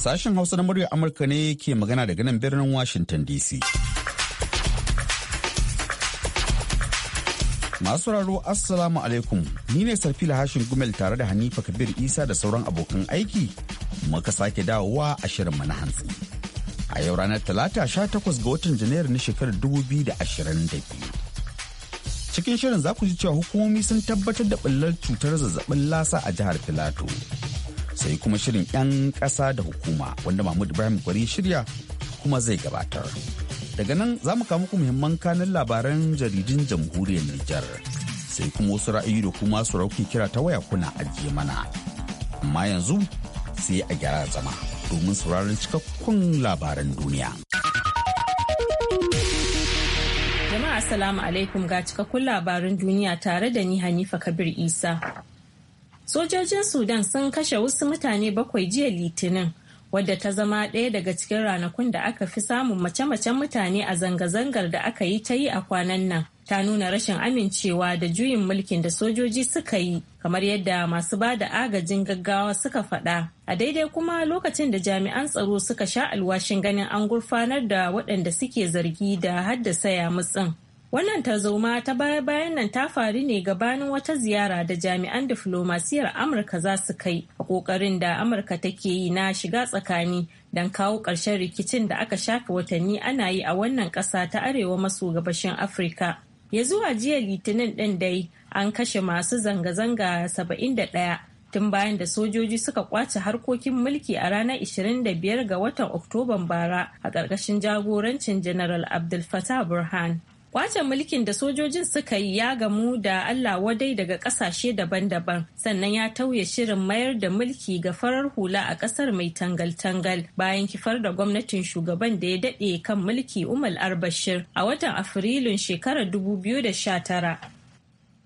Sashen Hausa na muryar Amurka ne ke magana daga nan birnin Washington DC. Masu raro Assalamu alaikum, ni ne Sarfila Hashin Gumel tare da Hanifa Kabir Isa da sauran abokan aiki muka sake dawowa a shirin na hantsi. A yau ranar Talata sha takwas ga watan Janairu na shekarar 2022. cikin shirin za ku ji cewa hukumomi sun tabbatar da ɓullar cutar zazzabin lasa a jihar filato sai kuma shirin 'yan ƙasa da hukuma wanda mahmud ibrahim Gwari shirya kuma zai gabatar daga nan za mu kawo muku muhimman kanin labaran jaridun jamhuriyar nijar sai kuma wasu ra'ayi da kuma su rauki kira ta waya kuna ajiye mana amma yanzu sai a gyara zama domin sauraron cikakkun labaran duniya jama'a assalamu alaikum ga cikakkun labaran duniya tare da ni hanifa kabir isa Sojojin Sudan sun kashe wasu mutane bakwai jiya Litinin, wadda ta zama ɗaya daga cikin ranakun da aka fi samun mace-macen mutane a zanga-zangar da aka yi ta yi a kwanan nan. Ta nuna rashin amincewa da juyin mulkin da sojoji suka yi, kamar yadda masu ba da agajin gaggawa suka faɗa. A daidai kuma lokacin da jami'an tsaro suka sha alwashin ganin an gurfanar da waɗanda suke zargi da haddasa mutsin. Wannan tarzoma ta baya-bayan nan ta faru ne gabanin wata ziyara da jami'an diflomasiyar Amurka za su kai a kokarin da Amurka take yi na shiga tsakani don kawo ƙarshen rikicin da aka shafe watanni ana yi a wannan ƙasa ta arewa maso gabashin Afirka. Ya zuwa jiya Litinin ɗin dai an kashe masu zanga-zanga 71 tun bayan da sojoji suka kwace harkokin mulki a ranar 25 ga watan Oktoban bara a ƙarƙashin jagorancin General Abdul Fattah Burhan. Kwacin mulkin da sojojin suka yi ya gamu da Allah wadai daga kasashe daban-daban sannan ya tauye shirin mayar da mulki ga farar hula a kasar mai tangal-tangal bayan kifar da gwamnatin shugaban da ya daɗe kan mulki Umar Arbashir a watan Afrilun shekarar 2019.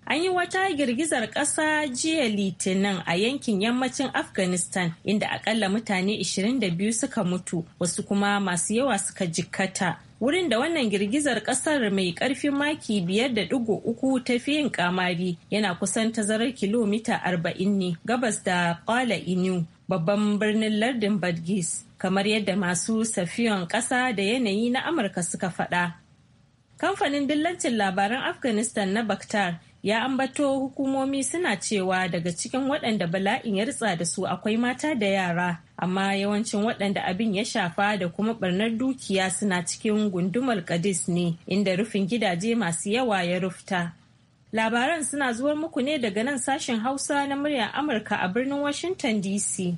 An yi wata girgizar ƙasa jiya Litinin a yankin yammacin Afghanistan inda akalla mutane 22 suka mutu wasu kuma masu yawa suka jikkata. wurin da wannan girgizar kasar mai karfin maki biyar da uku ta fi yin kamari yana kusan tazarar kilomita arba'in ne gabas da kwala inu babban birnin lardin badgis kamar yadda masu safiyon kasa da yanayi na amurka suka faɗa kamfanin dillancin labaran afghanistan na baktar ya ambato hukumomi suna cewa daga cikin waɗanda bala'in ya ritsa da su akwai mata da yara amma yawancin waɗanda abin ya shafa da kuma barnar dukiya suna cikin gundumar kadis ne inda rufin gidaje masu yawa ya rufta labaran suna zuwar muku ne daga nan sashen hausa na muryar amurka a birnin washington dc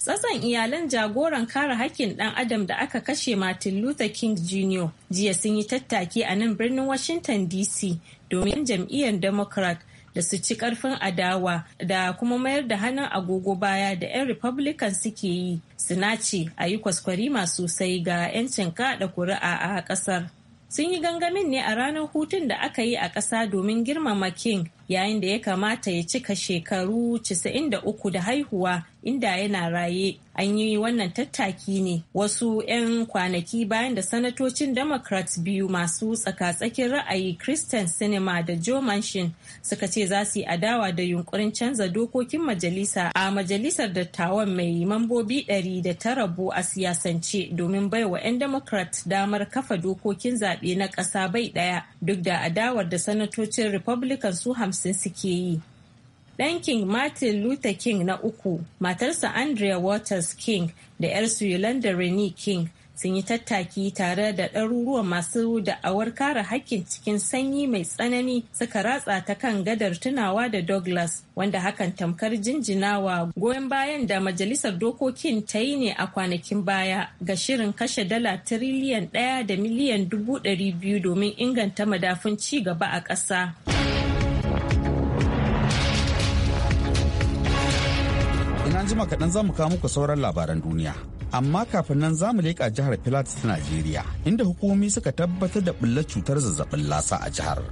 Tsatson iyalan jagoran kare hakkin ɗan adam da aka kashe Martin Luther King Jr. jiya sun yi tattaki a nan birnin Washington DC domin jam'iyyar democrat da su ci karfin adawa da kuma mayar da hannun agogo baya da 'yan republican suke yi sinaci a yi kwaskwari masu sai ga 'yancin kada kuri'a a kasar sun yi gangamin ne a ranar hutun da aka yi a ƙasa domin girmama king yayin da ya kamata ya cika shekaru 93 da haihuwa inda yana raye an yi wannan tattaki ne wasu 'yan kwanaki bayan da sanatocin democrats biyu masu tsaka-tsakin ra'ayi christian sinema da joe manchin suka ce za su yi adawa da yunkurin canza dokokin majalisa a majalisar dattawan mai mambobi 109 a siyasance domin bai wa 'yan democrat damar kafa dokokin zaɓe na ƙasa bai ɗaya duk da adawar da sanatocin republican su hamsin suke yi. Ɗan King Martin Luther King na uku, matarsa Andrea Waters King da 'yarsu Yolanda Rene King sun yi tattaki tare da ɗaruruwan masu da'awar kare hakkin cikin sanyi mai tsanani suka ratsa ta kan gadar tunawa da douglas wanda hakan tamkar jinjinawa goyon bayan da majalisar dokokin ta yi ne a kwanakin baya ga shirin kashe dala tiriliyan ɗaya da miliyan dubu ɗari biyu domin inganta madafun ci gaba a ƙasa. yanzu kaɗan za mu kawo muku sauran labaran duniya. Amma kafin nan za mu leƙa jihar Pilatus ta Najeriya, inda hukumomi suka tabbatar da ɓullar cutar zazzabin lasa a jihar.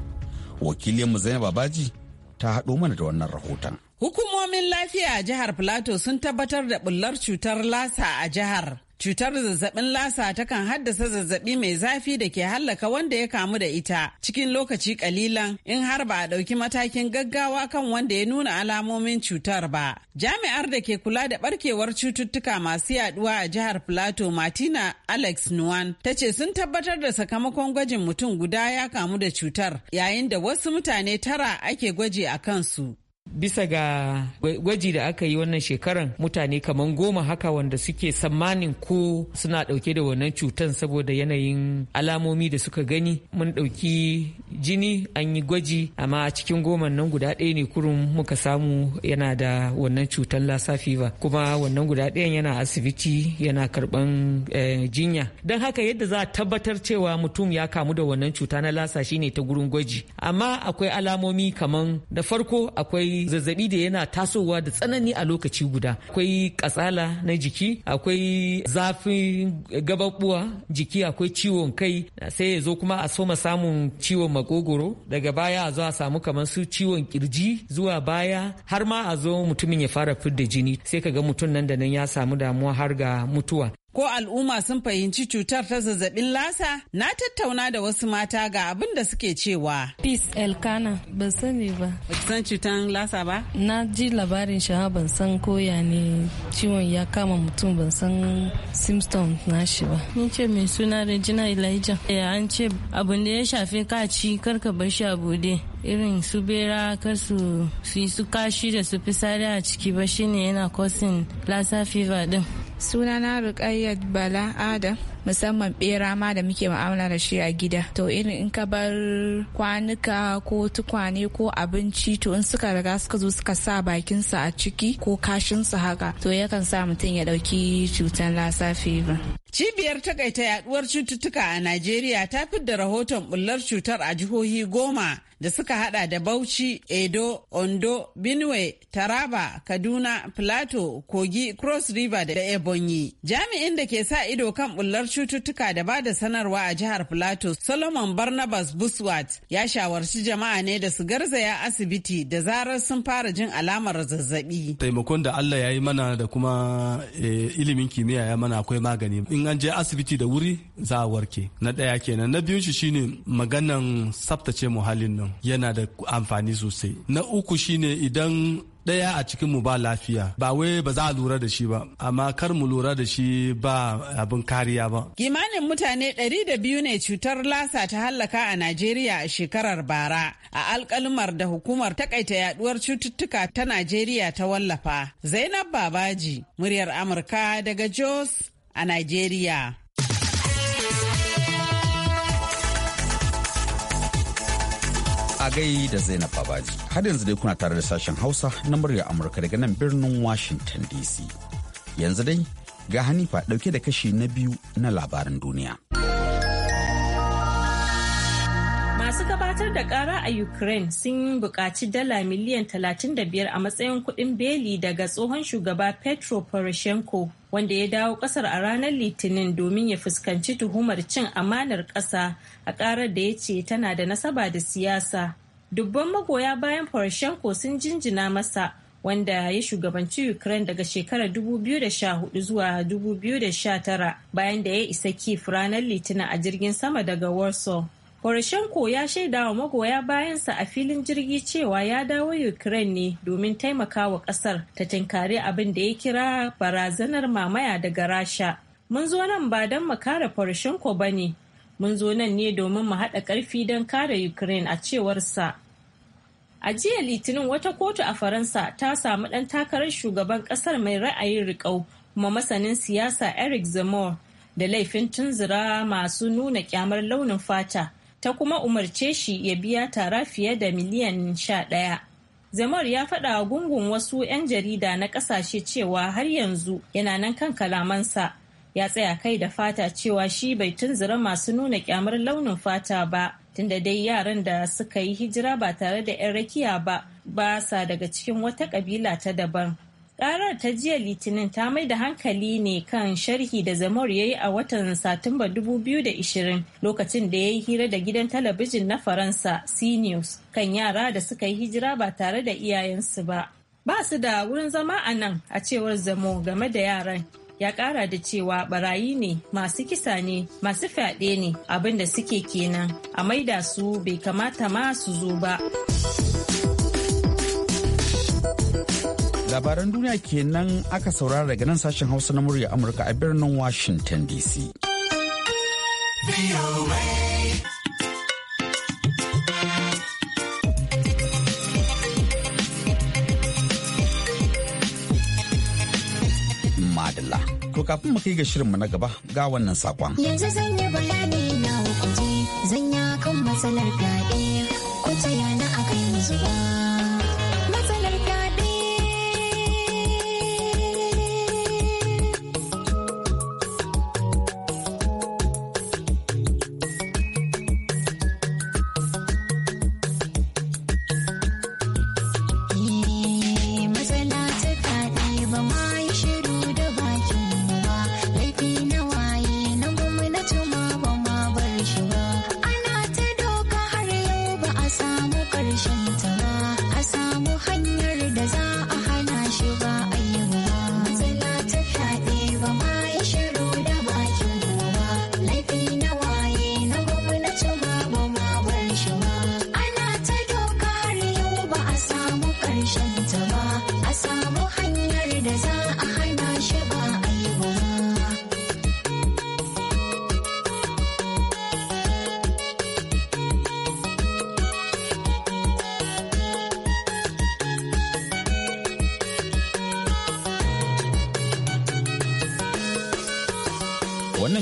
Wakilinmu Zainab Babaji ta haɗo mana da wannan rahoton. Hukumomin lafiya a jihar Plateau sun tabbatar da bullar cutar lasa a jihar. Cutar zazzabin lasa takan haddasa zazzabi mai zafi da ke hallaka wanda ya kamu da ita cikin lokaci kalilan in har ba a ɗauki matakin gaggawa kan wanda ya nuna alamomin cutar ba. Jami'ar da ke kula da barkewar cututtuka masu yaduwa a jihar plato Martina Alex Nuwan ta ce sun tabbatar da sakamakon gwajin mutum guda ya kamu da cutar yayin da wasu mutane tara ake gwaji a kansu. bisa ga gwaji da aka yi wannan shekaran mutane kamar goma haka wanda suke tsammanin ko suna ɗauke da wannan cutan saboda yanayin alamomi da suka gani mun ɗauki jini an yi gwaji amma a cikin goman nan guda ɗaya ne kurun muka samu yana da wannan cutan lassa fever kuma wannan guda ɗayan yana asibiti yana karɓan eh, jinya don haka yadda za a tabbatar cewa mutum ya kamu da wannan cuta na lassa shine ta gurin gwaji amma akwai alamomi kamar da farko akwai zazzabi da yana tasowa da tsanani a lokaci guda akwai kasala na jiki akwai zafin gababbuwa jiki akwai ciwon kai sai ya zo kuma a soma samun ciwon makogoro daga baya a zo a samu kamar su ciwon kirji zuwa baya har ma a zo mutumin ya fara fidda jini sai ka ga mutum nan da nan ya samu damuwa har ga mutuwa ko al'umma sun fahimci cutar ta zazzabin lasa na tattauna da wasu mata ga abin da suke cewa peace elkana ban sani ba san cutar lasa ba na ji labarin shi ban san koya ne ciwon ya kama mutum ban san symptom na shi ba ni ce mai suna regina elijah ya eh, an ce abin da ya shafi ka ci karka bar shi a bude irin su bera kar su yi su kashi da su fisari a ciki ba shine yana causing lasa fever din sunana rukayyat bala adam musamman bera ma da muke ma'amala da shi a gida to irin in ka bar kwanuka ko tukwane ko abinci to in suka riga suka zo suka sa bakinsa a ciki ko kashinsa haka to yakan sa mutum ya ɗauki cutar lassa fever Cibiyar takaita yaduwar cututtuka a Najeriya ta da rahoton bullar cutar a jihohi goma da suka hada da Bauchi, Edo, Ondo, Benue, Taraba, Kaduna, Plateau, Kogi, Cross River da Ebonyi. Jami'in da ke sa ido kan bullar cututtuka da ba da sanarwa a jihar Plateau Solomon Barnabas Buswat ya shawarci jama'a ne da su garzaya asibiti da zarar sun fara jin alamar zazzabi. Taimakon da Allah ya yi mana da kuma eh, ilimin kimiyya ya mana akwai magani. In an je asibiti da wuri za a warke. Na ɗaya kenan. Na biyun shi shine maganan tsaftace muhallin nan yana da amfani sosai. Na uku shine idan ɗaya a cikin mu ba lafiya ba wai ba za a lura da shi ba amma kar mu lura da shi ba abin kariya ba. Kimanin mutane ɗari da biyu ne cutar lasa ta hallaka a Najeriya a shekarar bara a alkalmar da hukumar takaita yaduwar cututtuka ta Najeriya ta wallafa. Zainab Babaji, muryar Amurka daga Jos a Najeriya. a gai da Zainab Babaji. Har yanzu dai kuna tare da sashen Hausa na murya Amurka daga nan birnin Washington DC. Yanzu dai ga Hanifa dauke da kashi na biyu na labarin duniya. Masu gabatar da kara a Ukraine sun buƙaci dala miliyan 35 a matsayin kuɗin beli daga tsohon shugaba Petro Poroshenko wanda ya dawo ƙasar a ranar Litinin domin ya fuskanci tuhumar cin amanar ƙasa a ƙarar da ya ce tana da nasaba da siyasa. Dubban magoya bayan Poroshenko sun jinjina masa wanda ya shugabanci Ukraine daga shekarar 2014 zuwa 2019 bayan da ya isa Kiev ranar Litinin a jirgin sama daga Warsaw. Poroshenko ya shaida wa magoya bayansa a filin jirgi cewa ya dawo Ukraine ne domin taimaka wa kasar ta tinkari abin da ya kira barazanar mamaya daga Rasha. Mun zo nan ba don mu kare Poroshenko ba ne, mun zo nan ne domin mu haɗa ƙarfi don kare Ukraine a cewarsa. A jiya Litinin wata kotu a Faransa ta samu ɗan takarar shugaban ƙasar mai ra'ayin riƙau kuma masanin siyasa Eric Zemmour da laifin tunzura masu nuna kyamar launin fata ta kuma umarce shi ya biya tara fiye da miliyan sha ɗaya. Zamar ya faɗa gungun wasu 'yan jarida na ƙasashe cewa har yanzu yana nan kan kalamansa ya tsaya kai da fata cewa shi bai tunzura masu nuna kyamar launin fata ba tunda dai yaran da suka yi hijira ba tare da 'yan rakiya ba ba sa daga cikin wata ƙabila ta daban. Ƙarar ta jiya Litinin ta mai da hankali ne kan sharhi da Zamor ya yi a watan Satumba 2020 lokacin da ya yi hira da gidan talabijin na Faransa CNews kan yara da suka yi hijira ba tare da iyayensu ba. Ba su da wurin zama a nan a cewar Zamo game da yaran. Ya kara da cewa barayi ne, masu kisa ne, masu fyaɗe ne abin da suke kenan, a maida su bai kamata ma su zo ba. labaran duniya kenan aka saurara daga nan sashen hausa na murya amurka a birnin washington dc madalla to kafin mu kai ga shirinmu na gaba ga wannan sakon yanzu zan yi bayani na hukunci zan ya kan matsalar fyaɗe ko ta yana akan zuwa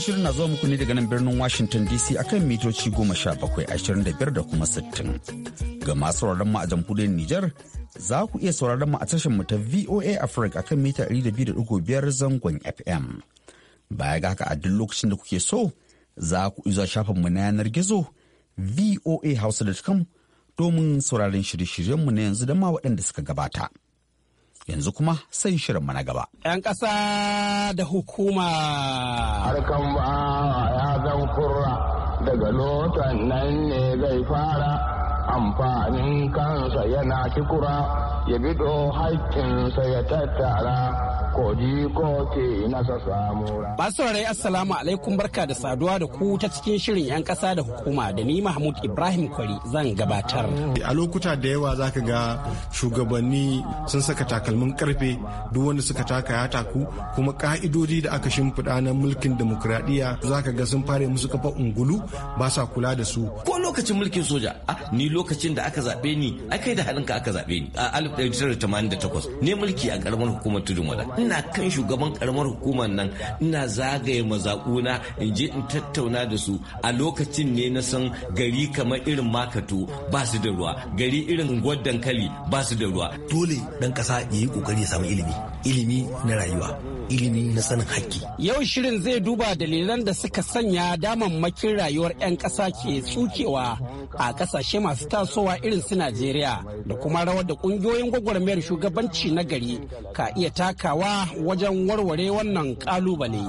shirin na zuwa muku ne daga nan birnin Washington DC akan mitoci goma sha ashirin da da kuma sittin. Ga masu sauraron mu a jamhuriyar Nijar za ku iya sauraron mu a tashar mu ta VOA Africa akan mita 200.5 biyar zangon FM. Baya ga haka a duk lokacin da kuke so za ku iya shafin mu na yanar gizo voahausa.com domin sauraron shirye-shiryen mu na yanzu da ma waɗanda suka gabata. yanzu kuma sai shirinmu na gaba. 'Yan ƙasa da hukuma. Harkan ba ya zan kurra daga lotan nan ne zai fara amfanin kansa yana kikura ya bido haƙƙinsa ya tattara. koji assalamu alaikum barka da saduwa da ku ta cikin shirin 'yan kasa da hukuma da ni Mahmud Ibrahim Kwari zan gabatar. A lokuta da yawa za ka ga shugabanni sun saka takalmin karfe duk wanda suka taka ya taku kuma ka'idodi da aka shimfiɗa na mulkin demokuraɗiyya za ka ga sun fara musu kafa ungulu ba sa kula da su. Ko lokacin mulkin soja ni lokacin da aka zaɓe ni akai da halinka aka zaɓe ni a 1988 ne mulki a ƙaramar hukumar tudun wada. ina kan shugaban karamar hukumar nan ina zagaye mazakuna in je in tattauna da su a lokacin ne na san gari kamar irin makato ba su da ruwa gari irin gwad dankali ba su da ruwa dole dan kasa ya yi kokari ya samu ilimi ilimi na rayuwa ilimi na sanin hakki yau shirin zai duba dalilan da suka sanya damammakin rayuwar 'yan ƙasa ke tsukewa a ƙasashe masu tasowa irin su najeriya da kuma rawar da ƙungiyoyin gwagwarmayar shugabanci na gari ka iya takawa wajen warware wannan kalubale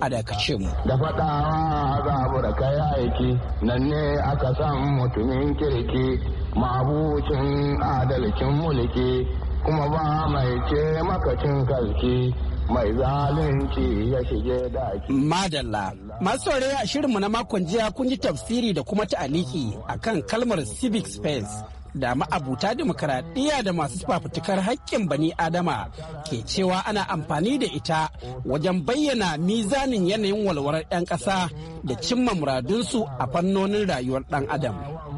a dakacin mu. Da faɗawa zabu da kai aiki nan ne aka san mutumin kirki mabucin adalcin mulki kuma ba mai ce makacin kalki mai zalunci ya shige daki. Madalla, masu a shirinmu na makon jiya kun ji tafsiri da kuma ta'aliki akan kalmar civic space da ma'abuta dimokuraɗiyya da masu fafutukar haƙƙin bani adama ke cewa ana amfani da ita wajen bayyana mizanin yanayin walwalar 'yan ƙasa da cimma muradunsu a fannonin rayuwar ɗan adam.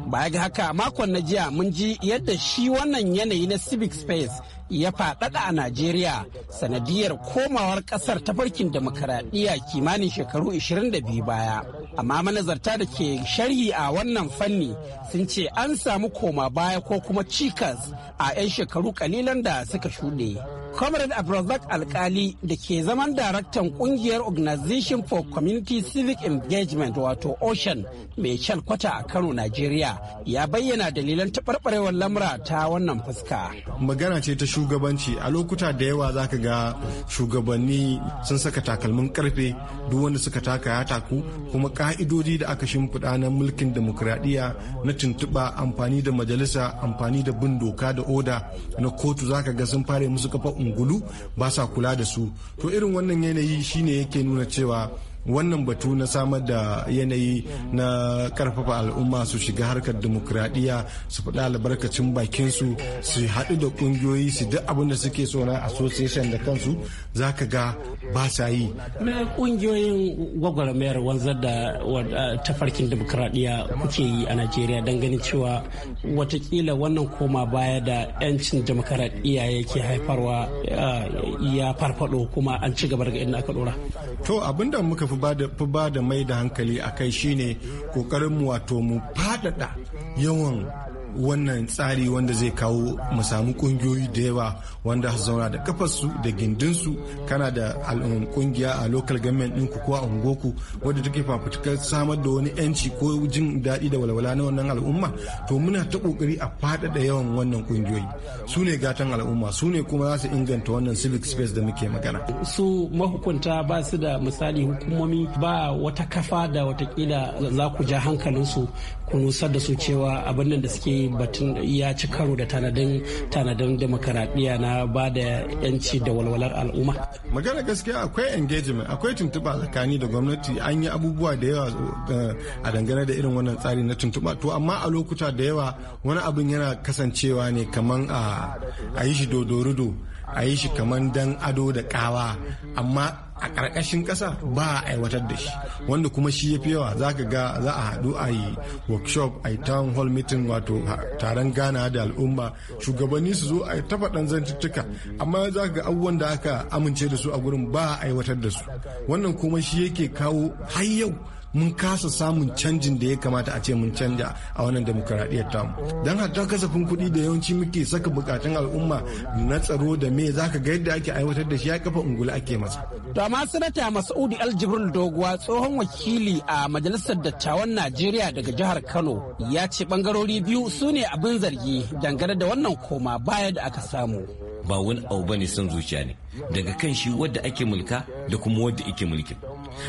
Baya ga haka makon na jiya mun ji yadda shi wannan yanayi na civic space ya faɗaɗa a Najeriya sanadiyar komawar ƙasar ta farkin demokaradiyya kimanin shekaru 22 baya. Amma manazarta da ke sharhi a wannan fanni sun ce an samu koma baya ko kuma cikas a 'yan shekaru kalilan da suka shuɗe. Comrade Abrazak Alkali da ke zaman daraktan kungiyar Organization for Community Civic Engagement wato Ocean mai kwata a Kano, Najeriya ya bayyana dalilan taɓarɓarewar lamura ta wannan fuska. Magana ce ta shugabanci a lokuta da yawa za ka ga shugabanni sun saka takalmin karfe duk wanda suka taka ya taku kuma ka'idodi da aka shimfiɗa na mulkin demokuraɗiyya na tuntuɓa amfani da majalisa amfani da bin doka da oda na kotu za ka ga sun fara musu kafa gulu ba sa kula da su to irin wannan yanayi shine yake nuna cewa wannan batu na samar da yanayi na karfafa al'umma su shiga harkar demokradiyya su faɗa albarkacin bakinsu su haɗu da ƙungiyoyi su duk abin da suke so na association da kansu za ka ga ba sa yi. ƙungiyoyin gwagwarmayar wanzar da tafarkin demokradiyya kuke yi a najeriya don ganin cewa watakila wannan koma baya da 'yancin demokradiyya yake haifarwa ya farfado kuma an ci gaba daga inda aka dora. to abin muka fi fi ba da mai da hankali a kai shine kokarin mu wato mu faɗaɗa yawan wannan tsari wanda zai kawo mu samu kungiyoyi da yawa wanda zauna da kafarsu da gindinsu kana da kungiya a local government ku ko a ungoku wadda take fafutukar samar da wani yanci ko jin daɗi da walwala na wannan al'umma to muna ta kokari a faɗaɗa yawan wannan kungiyoyi su ne gatan al'umma su ne kuma za su inganta wannan civic space da muke magana su mahukunta ba su da misali hukumomi ba wata kafa da watakila za ku ja hankalinsu ku nusar da su cewa abin da suke batun ya ci karo da tanadin tanadin demokaradiyya na ba da yanci da walwalar al'umma magana gaskiya akwai engagement akwai tuntuɓa tsakani da gwamnati an yi abubuwa da yawa eh, a dangane da irin wannan tsari na tuntuɓa to amma a lokuta da yawa wani abin yana kasancewa ne kaman a yi shi dodorido a yi shi kamar dan ado da kawa amma a ƙarƙashin ƙasa ba a aiwatar da shi wanda kuma shi ya fi yawa za ka ga za a haɗu a yi workshop a yi town hall meeting wato taron gana da al'umma shugabanni su zo a yi tafaɗan zantuttuka amma za ka ga abubuwan da aka amince da su a gurin ba a aiwatar da su wannan kuma shi yake kawo har yau mun kasa samun canjin da ya kamata a ce mun canja a wannan demokuraɗiyyar tamu don hatta kasafin kuɗi da yawanci muke saka bukatun al'umma na tsaro da me za ka ga yadda ake aiwatar da shi ya kafa ungula ake masa. to amma sanata mas'udi aljibril doguwa tsohon wakili a majalisar dattawan najeriya daga jihar kano ya ce bangarori biyu su ne abin zargi dangane da wannan koma baya da aka samu. ba wani abu bane son zuciya ne daga kan shi wadda ake mulka da kuma wadda ake mulkin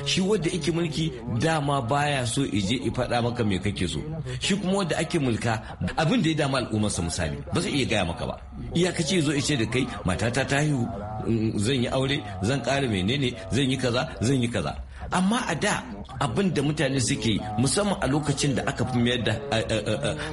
shi wanda yake mulki dama baya so ije i faɗa maka me kake so shi kuma wanda ake mulka abin da ya dama al'ummarsa misali ba zai iya gaya maka ba iyakaci zo ice da kai matata ta haihu zan yi aure zan ƙara menene zan yi kaza zan yi kaza amma a da abin da mutane suke musamman a lokacin da aka fi mayar da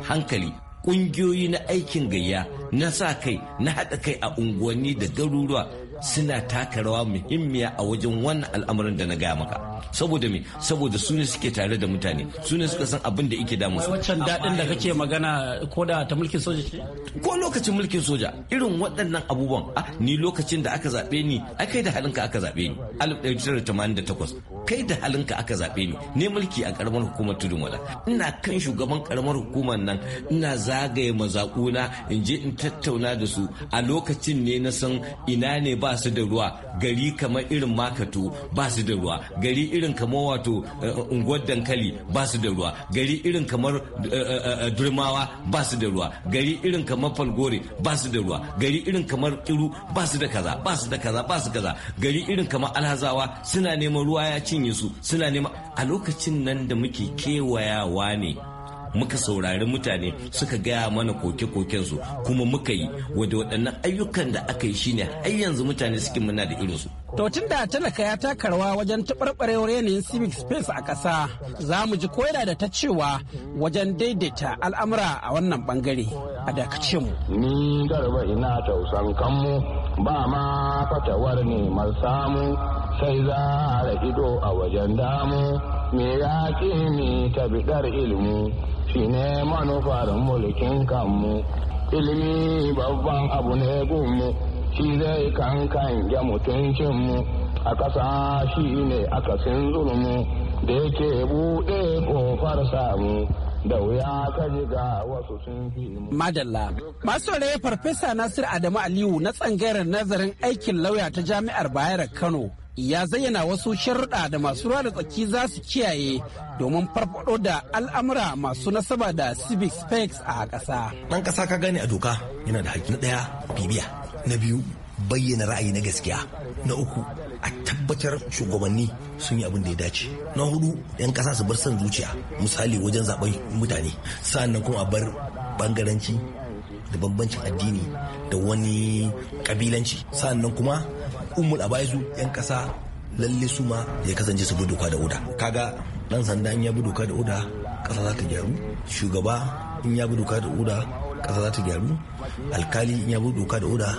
hankali ƙungiyoyi na aikin gayya na sa kai na haɗa kai a unguwanni da garuruwa suna taka rawa muhimmiya a wajen wannan al'amarin da na gaya maka saboda me saboda su ne suke tare da mutane su ne suka san abin da yake damu su waccan dadin da kake magana ko da ta mulkin soja ce ko lokacin mulkin soja irin waɗannan abubuwan ni lokacin da aka zaɓe ni akai da halinka aka zaɓe ni 1988 kai da halinka aka zaɓe ni ne mulki a karamar hukumar tudun wada ina kan shugaban karamar hukumar nan ina zagaye mazaƙuna in je in tattauna da su a lokacin ne na san ina ne ba su da ruwa gari kamar irin makato ba su da ruwa gari irin kamar wato eh, eh, unguwar dankali ba su da ruwa gari irin kamar eh, durmawa ba su da ruwa gari irin kamar falgore ba su da ruwa gari irin kamar kiru ba su da kaza ba su da kaza ba su kaza gari irin kamar alhazawa suna neman ruwa ya ce cinye su suna nema a lokacin nan da muke kewayawa ne muka saurari mutane suka gaya mana koke su kuma muka yi wadda waɗannan ayyukan da aka yi shine har yanzu mutane suke muna da irinsu To tun da talaka ya taka rawa wajen taɓarɓarewar yanayin civic space a ƙasa za mu ji koyar da ta cewa wajen daidaita al'amura a wannan ɓangare a dakace mu. Ni garba ina tausan kanmu ba ma fatawar neman samu sai za a ido a wajen damu me ya ce ni tabidar ilimi shi ne manufar mulkin kanmu ilimi babban abu ne gunmu. shi zai kankan ya mutuncinmu a ƙasa shi ne akasin zulmu da yake buɗe ƙofar samu da wuya ka ga wasu sun fi Madalla. Masu raye Farfesa Nasir Adamu Aliyu na tsangayar nazarin aikin lauya ta Jami'ar Bayar Kano ya zayyana wasu sharuɗa da masu ruwa da tsaki za su kiyaye domin farfaɗo da al'amura masu nasaba da civic specs a ƙasa. Ɗan ƙasa ka gane a doka yana da haƙƙi na ɗaya bibiya na biyu bayyana ra'ayi na gaskiya na uku a tabbatar shugabanni sun yi abin da ya dace na hudu 'yan kasa su bar son zuciya misali wajen zaben mutane sa'annan kuma a bar bangaranci da bambancin addini da wani kabilanci sa'annan kuma umul su 'yan kasa lalle su ma ya kasance su bi doka da oda kaga dan sanda in ya bi doka da oda kasa za ta gyaru shugaba in ya bi doka da oda ƙasa za ta gyaru alkali in ya bu doka da oda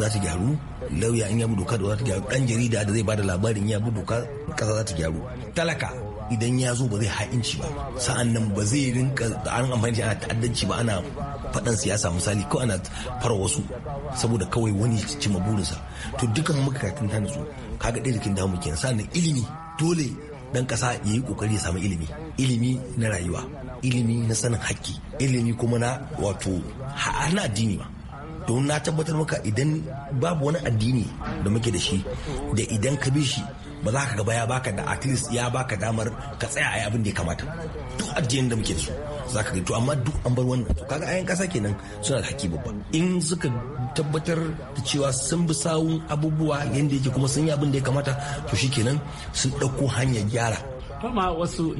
za ta gyaru lauya in ya bu doka da oda za ta gyaru dan jarida da zai bada labarin ya bu doka ƙasa za ta gyaru talaka idan ya zo ba zai ha'inci ba sa'an nan ba zai rinka an amfani ana ta'addanci ba ana faɗan siyasa misali ko ana fara wasu saboda kawai wani cima burinsa to dukan muka katin ta nutsu kaga ɗaya jikin damu kenan sa'an ilimi dole dan ƙasa ya yi ƙoƙari ya samu ilimi ilimi na rayuwa ilimi na sanin haƙƙi ilimi kuma na wato na addini ba don na tabbatar maka idan babu wani addini da muke da shi da idan ka bi shi ba za ka gaba ya baka da at ya baka damar ka tsaya a abin da ya kamata duk addinin da muke da su za ka gaito amma duk an bar wannan to kaga ayan kasa kenan suna da haƙƙi babba in suka tabbatar da cewa sun bi sawun abubuwa yadda yake kuma sun yi abin da ya kamata to shikenan sun ɗauko hanyar gyara fama wasu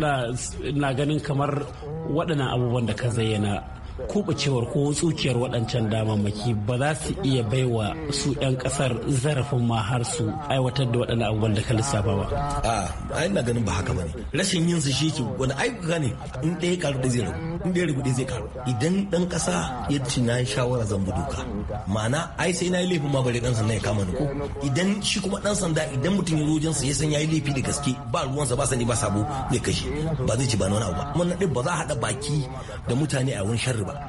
na ganin kamar waɗannan abubuwan da ka zayyana kubacewar ko tsukiyar waɗancan damammaki ba za su iya baiwa su 'yan ƙasar zarafin ma har su aiwatar da waɗannan abubuwan da ka lissafa ba. a ai na ganin ba haka ba ne rashin yin su shi ke wani aikuka ne in ɗaya karu da zai rabu in ɗaya rabu da zai karu idan ɗan ƙasa ya ci na yi shawara zan bi doka ma'ana ai sai na yi laifin ma bare ɗan sanda ya kama ni ko idan shi kuma ɗan sanda idan mutum ya rojan sa ya san ya yi laifi da gaske ba ruwansa ba sani ba sabo zai kashe ba zai ci ba wani abu ba kuma na ba za a haɗa baki da mutane a wani sharri ba ba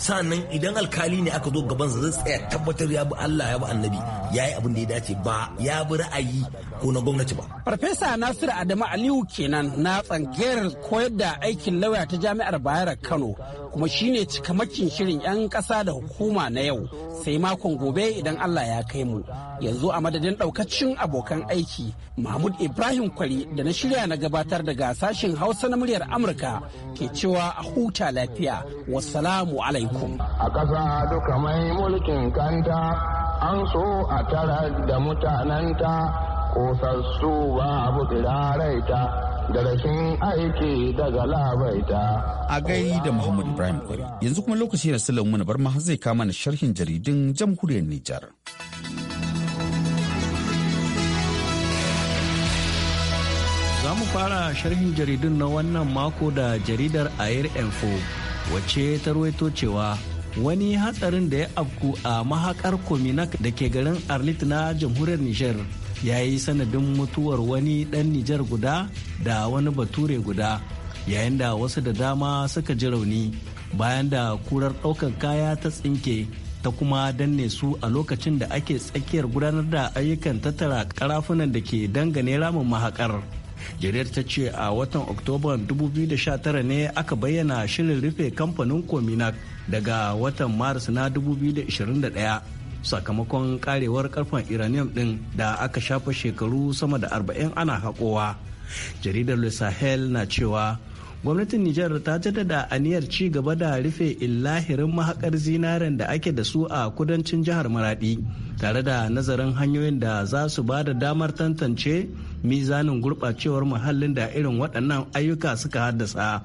sannan idan alkali ne aka zo gabansa zai tsaya tabbatar ya bi Allah ya bi annabi ya yi abin da ya dace ba ya bi ra'ayi ko na gwamnati ba. Farfesa Nasiru Adamu Aliyu kenan na tsangayar koyar da aikin lauya ta Jami'ar Bayar Kano kuma shine cikamakin shirin 'yan ƙasa da hukuma na yau sai makon gobe idan Allah ya kai mu yanzu a madadin ɗaukacin abokan aiki mahmud ibrahim kwari da na shirya na gabatar daga sashen hausa na muryar amurka ke cewa a huta lafiya wasalamu alaikum a ƙasa duka mai mulkin kanta an so a tara da mutanenta. kosassu babu tsiraraita da rashin aiki daga labaita. A gai da Muhammad Ibrahim Kwari yanzu kuma lokaci da Sulaimu bar barma zai kama na sharhin jaridun jamhuriyar Nijar. Za mu fara sharhin jaridun na wannan mako da jaridar Air Info wacce ta ruwaito cewa wani hatsarin da ya afku a mahakar kominak da ke garin Arlit na jamhuriyar Nijar ya yi sanadin mutuwar wani ɗan Nijar guda da wani bature guda yayin da wasu da dama suka ji rauni bayan da kurar ɗaukar kaya ta tsinke ta kuma danne su a lokacin da ake tsakiyar gudanar da ayyukan tattara karafunan da ke dangane ramin mahakar. jaridar ta ce a watan oktoba 2019 ne aka bayyana shirin rufe kamfanin kominak daga watan maris na 2021 sakamakon karewar karfen iranium din da aka shafa shekaru sama da 40 ana haƙowa jaridar le sahel na cewa gwamnatin nijar ta jaddada aniyar ci gaba da rufe illahirin mahakar zinaren da ake da su a kudancin jihar maradi tare da nazarin hanyoyin da za su ba da damar tantance mizanin gurɓacewar muhallin da irin waɗannan ayyuka suka haddasa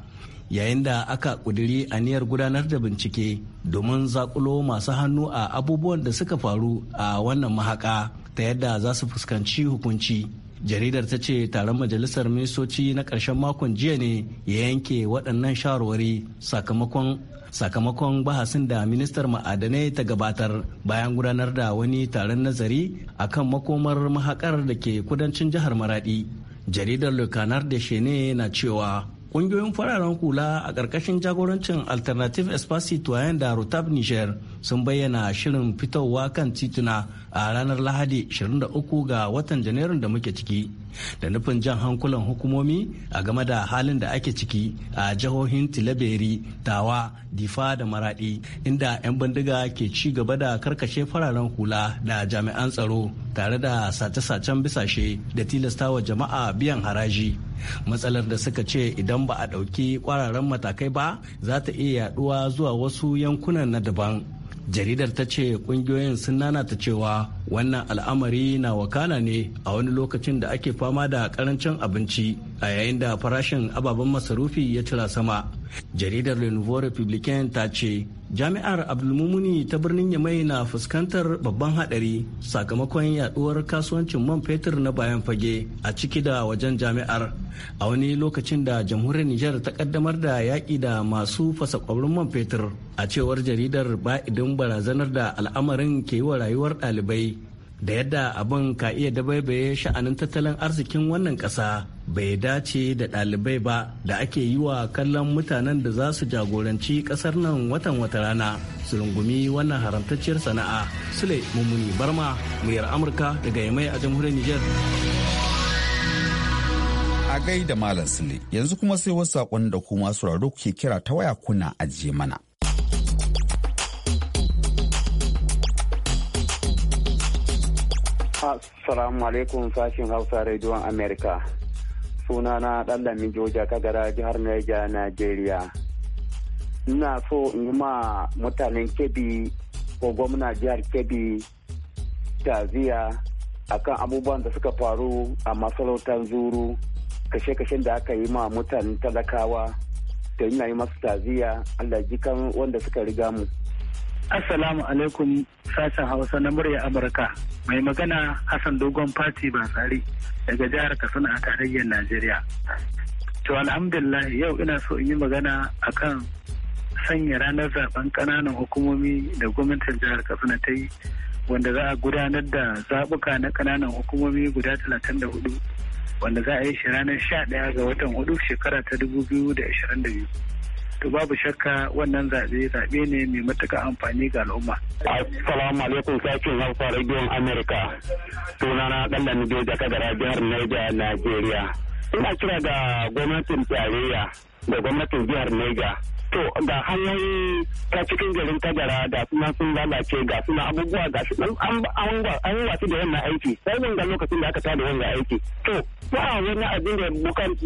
yayin da aka ƙudiri aniyar gudanar da bincike domin zakulo masu hannu a abubuwan da suka faru a wannan mahaka ta yadda za su fuskanci hukunci jaridar ta ce taron majalisar ministoci na ƙarshen makon jiya ne ya yanke waɗannan shawarwari sakamakon sakamakon bahasin da ministar ma'adanai ta gabatar bayan gudanar da wani taron nazari a kan makomar mahakar da ke kudancin jihar maradi jaridar lokanar da shene na cewa Ƙungiyoyin fararen hula a ƙarƙashin jagorancin Alternative Espacito yayin da Rotab Niger sun bayyana shirin fitowa kan tituna a ranar Lahadi 23 ga watan Janairun da muke ciki. da nufin jan hankulan hukumomi a game da halin da ake ciki a jihohin tilaberi tawa difa da maradi inda 'yan bindiga ke ci gaba da karkashe fararen hula da jami'an tsaro tare da sace-sacen bisashe da tilastawa jama'a biyan haraji matsalar da suka ce idan ba a ɗauki kwararan matakai ba za ta iya yaɗuwa zuwa wasu yankunan na daban jaridar ta ce kungiyoyin sun nanata cewa wannan al'amari na wakana ne a wani lokacin da ake fama da karancin abinci a yayin da farashin ababen masarufi ya cira sama jaridar le nouveau republicain ta ce jami'ar abdulmumuni ta birnin yamai na fuskantar babban hadari sakamakon yaduwar kasuwancin man fetur na bayan fage a ciki da wajen jami'ar a wani lokacin da jamhuriyar nijar ta kaddamar da yaƙi da masu fasa kwabrin man fetur a cewar jaridar ba'idin barazanar da al'amarin ke yi wa rayuwar ɗalibai da yadda abin ka iya dabaibaye sha'anin tattalin arzikin wannan ƙasa bai dace da ɗalibai ba da ake yi wa kallon mutanen da za su jagoranci ƙasar nan watan wata rana su rungumi wannan haramtacciyar sana'a sule mummuni barma muryar amurka daga yamai a jamhuriyar niger a gai da malam sule yanzu kuma sai wasu saƙon da kuma sauraro ke kira ta waya kuna ajiye mana Assalamu alaikum sashin Hausa rediyon Amerika. suna na ɗallami joja kagara jihar Niger Najeriya. Ina so in yi ma mutanen kebi ko gwamna jihar Kebbi taziya akan abubuwan da suka faru a masarautar zuru kashe-kashen da aka yi ma mutanen talakawa da na yi masu taziya Allah jikan wanda suka riga mu. Assalamu alaikum sashen Hausa na murya Amurka mai magana Hassan Dogon Fati Basari daga jihar Katsina a tarayyar Najeriya. To alhamdulillah yau ina so in yi magana akan sanya ranar zaben ƙananan hukumomi da gwamnatin jihar Katsina ta yi wanda za a gudanar da zaɓuka na kananan hukumomi guda 34 wanda za a yi shi ranar 11 ga watan 4 shekara ta 2022. to babu shakka wannan zaɓe zaɓe ne mai matuƙa amfani ga al'umma. Assalamu alaikum sakin Hausa rediyon Amerika. Sunana Ɗanɗan Doja Kadara jihar Niger, Najeriya. Ina kira ga gwamnatin tarayya da gwamnatin jihar Niger. To ga hanyoyi ta cikin garin kadara ga suna sun lalace ga suna abubuwa ga shi an wasu da wannan aiki sai ga lokacin da aka tada wannan aiki. To ba wani abin da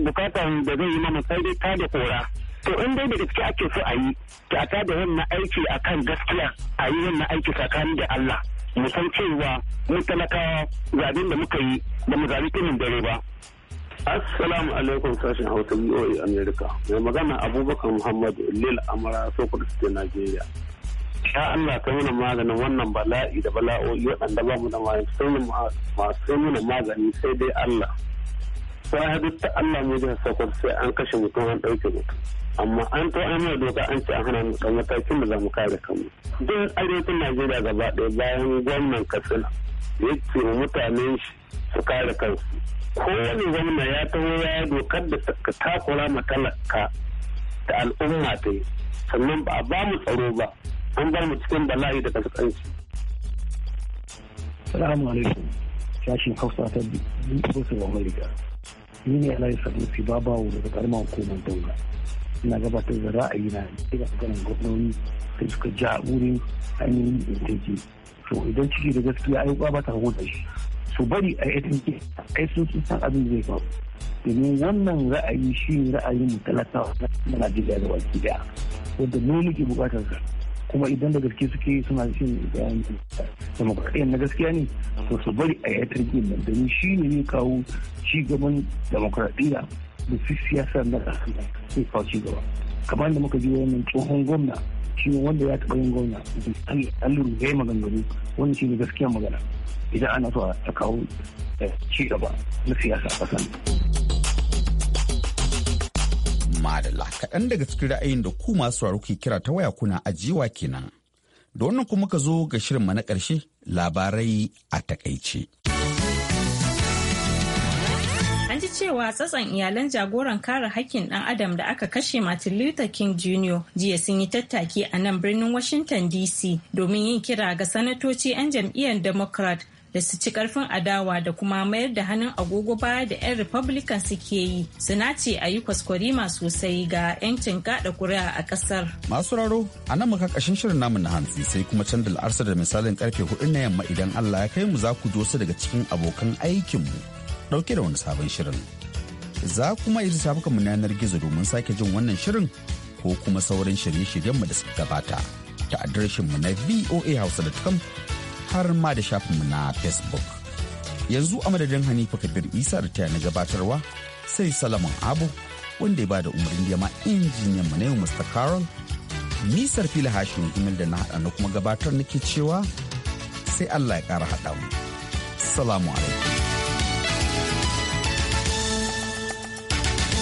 bukatan da zai yi mana sai dai tada kora. to in dai da gaske ake so a yi kyata da wannan aiki a kan gaskiya a yi wannan aiki tsakanin da Allah mu san cewa mu talakawa zabin da muka yi da mu zabi kunin dare ba Assalamu alaikum sashen Hausa BOA America Mai magana Abubakar Muhammad Lil Amara Sokoto State Nigeria. Ya Allah ka mana maganin wannan bala'i da bala'o'i waɗanda ba mu da masu nuna magani sai dai Allah. Sai duk ta Allah mu jihar Sokoto sai an kashe mutum an ɗauke mutum. amma an to an yi doka an ce an hana mu kan matakin da za mu kare kanmu duk arewacin najeriya gaba ɗaya bayan gwamnan katsina ya ce mutanen shi su kare kansu kowane gwamna ya taho ya dokar da ta takura ma talaka da al'umma ta yi sannan ba a ba mu tsaro ba an bar mu cikin bala'i da kansu. Salamu alaikum shashin Hausa ta biyu Amurka. Ni ne Alayi Sanusi Babawo daga karamar hukumar Daula. ina gabatar da ra'ayi na daga ganin gwamnoni da suka ji a wurin ainihin intake to idan ciki da gaskiya ayyuka ba ta hukunta shi su bari a yi tunke ai sun sun san abin zai faru domin wannan ra'ayi shi ra'ayin talata na najeriya da baki daya wanda ne muke bukatar sa kuma idan da gaske suke suna cin demokradiyyar na gaskiya ne to su bari a yi tunke nan domin shi ne ne kawo ci gaban demokradiyya da su siyasa na ƙasa sai gaba kamar da muka ji wannan tsohon gwamna shi wanda ya taɓa yin gwamna alluru ya yi maganganu wannan shi ne gaskiya magana idan ana so a kawo eh, ci gaba na siyasa a ne. Madalla kaɗan daga cikin ra'ayin da ku masu sauraro ke kira ta waya kuna ajiyewa kenan. Da wannan kuma ka zo ga shirin na ƙarshe labarai a takaice. ji cewa tsatson iyalan jagoran kare hakkin ɗan Adam da aka kashe Martin Luther King Jr. jiya sun yi tattaki a nan birnin Washington DC domin yin kira ga sanatoci 'yan jam'iyyar Democrat da su ci karfin adawa da kuma mayar da hannun agogo baya da 'yan Republican suke yi. Suna ce a yi kwaskwarima sosai ga 'yancin gada kuri'a a kasar. Masu raro, a nan muka kashin shirin namu na hantsi sai kuma can da misalin karfe hudu na yamma idan Allah ya kai mu za ku zo su daga cikin abokan aikinmu. ɗauke da wani sabon shirin. Za kuma yi sabuka mu yanar gizo domin sake jin wannan shirin ko kuma sauran shirye shiryen mu da suka gabata ta adireshinmu na voahouse.com har ma da shafinmu na Facebook. Yanzu a madadin Hanifa Kabir Isa da taya na gabatarwa sai Salaman Abu wanda ya ba da umarnin yamma injiniyan mu na yau Mr. Carol. Nisar fila hashin gumil da na haɗa na kuma gabatar nake cewa sai Allah ya kara haɗa mu. Salamu alaikum.